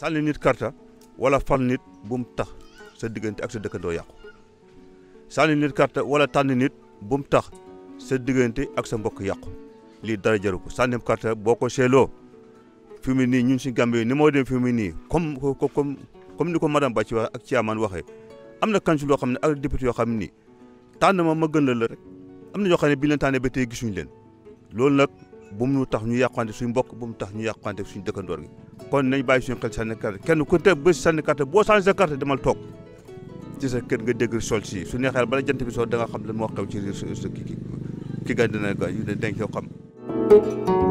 sànni nit karta wala fal nit bu mu tax sa diggante ak sa dëkkandoo yàqu sànni nit karta wala tànn nit bu mu tax sa diggante ak sa mbokk yàqu lii dara jaru ko sànni karta boo ko seeloo fi mu nii ñun si Gambie ni moo dem fi mu nii comme comme ni ko madame Ba ci wax ak Thiamane waxee am na kanju loo xam ne ak député yoo xam ni tànn ma ma gën la la rek am na ñoo xam ne bi ba tey gisuñu leen loolu nag bu mu tax ñu yàqante suñu mbokk bu mu tax ñu yàqante suñu dëkkandoor gi kon nañ bàyyi suñu xel sànni carte kenn ku te bés sànni carte boo changé sa carte demal toog ci sa kër nga dégg sol si su neexee bala jant bi soo da nga xam lan moo xew ci sa kii ki ki nga yu ne denc yoo xam